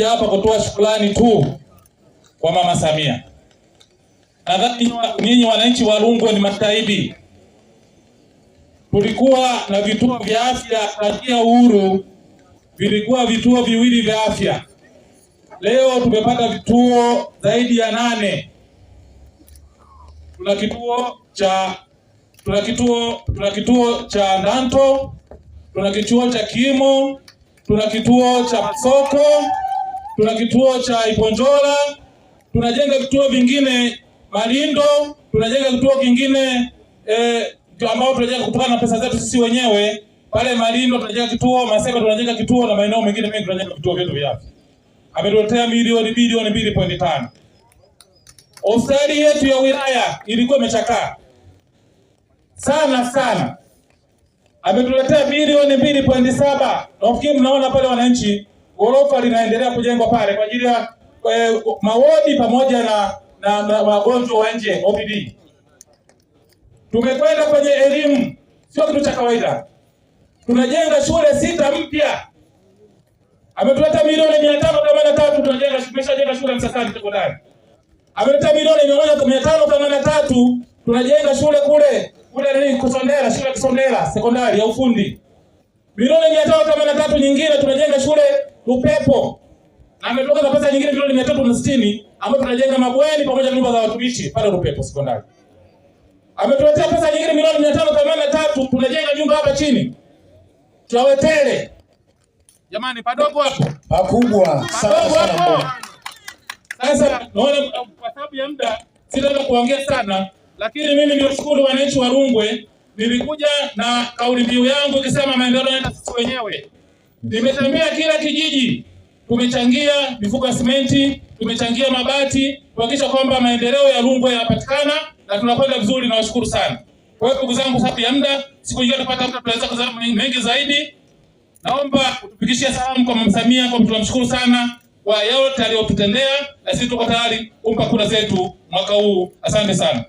Hapa kutoa shukrani tu kwa Mama Samia. Nadhani ninyi wananchi wa Rungwe ni mashahidi, tulikuwa na vituo vya afya katia uhuru, vilikuwa vituo viwili vya afya. Leo tumepata vituo zaidi ya nane. Tuna kituo cha tuna kituo tuna kituo cha Ndanto, tuna kituo cha Kimo, tuna kituo cha Soko tuna kituo cha Iponjola, tunajenga vituo vingine Malindo, tunajenga kituo kingine eh, ambao tunajenga kutokana na pesa zetu sisi wenyewe pale Malindo tunajenga kituo Maseba, tunajenga kituo na maeneo mengine mengi tunajenga vituo vyetu vya afya. Ametuletea milioni bilioni 2.5. Hospitali yetu ya wilaya ilikuwa imechakaa sana sana, ametuletea bilioni 2.7. Nafikiri mnaona pale wananchi ghorofa linaendelea kujengwa pale kwa ajili ya e, mawodi pamoja na, na, wagonjwa wa nje OPD. Tumekwenda kwenye elimu, sio kitu cha kawaida. Tunajenga shule sita mpya, ametuleta milioni mia tano themanini na tatu tunajenga, tumeshajenga shule Msasani sekondari, ameleta milioni mia tano themanini na tatu tunajenga shule kule kule Kusondela, shule Kusondela sekondari ya ufundi, milioni mia tano themanini na tatu nyingine tunajenga shule upepo. na ametoka na pesa nyingine milioni mia tatu na sitini ambayo tunajenga mabweni pamoja na nyumba za watumishi pale Lupepo sekondari. Ametuletea pesa nyingine milioni mia tano themanini na tatu tunajenga nyumba hapa chini Tutawetele. Jamani, padogo hapo pakubwa sana. Sasa naona eh, kwa sababu ya muda sitaenda kuongea sana, lakini mimi niwashukuru wananchi wa Rungwe. Nilikuja na kauli mbiu yangu ikisema maendeleo yetu sisi wenyewe. Nimetembea kila kijiji, tumechangia mifuko ya simenti, tumechangia mabati kuhakikisha kwamba maendeleo ya Rungwe yanapatikana na tunakwenda vizuri. Nawashukuru sana. Kwa hiyo ndugu zangu, sababu ya muda, siku nyingine tupata muda tunaweza kuzama mengi zaidi. Naomba kutufikishia salamu kwa Mama Samia, kwa tunamshukuru sana kwa yote aliyotutendea, na sisi tuko tayari kumpa kura zetu mwaka huu. Asante sana.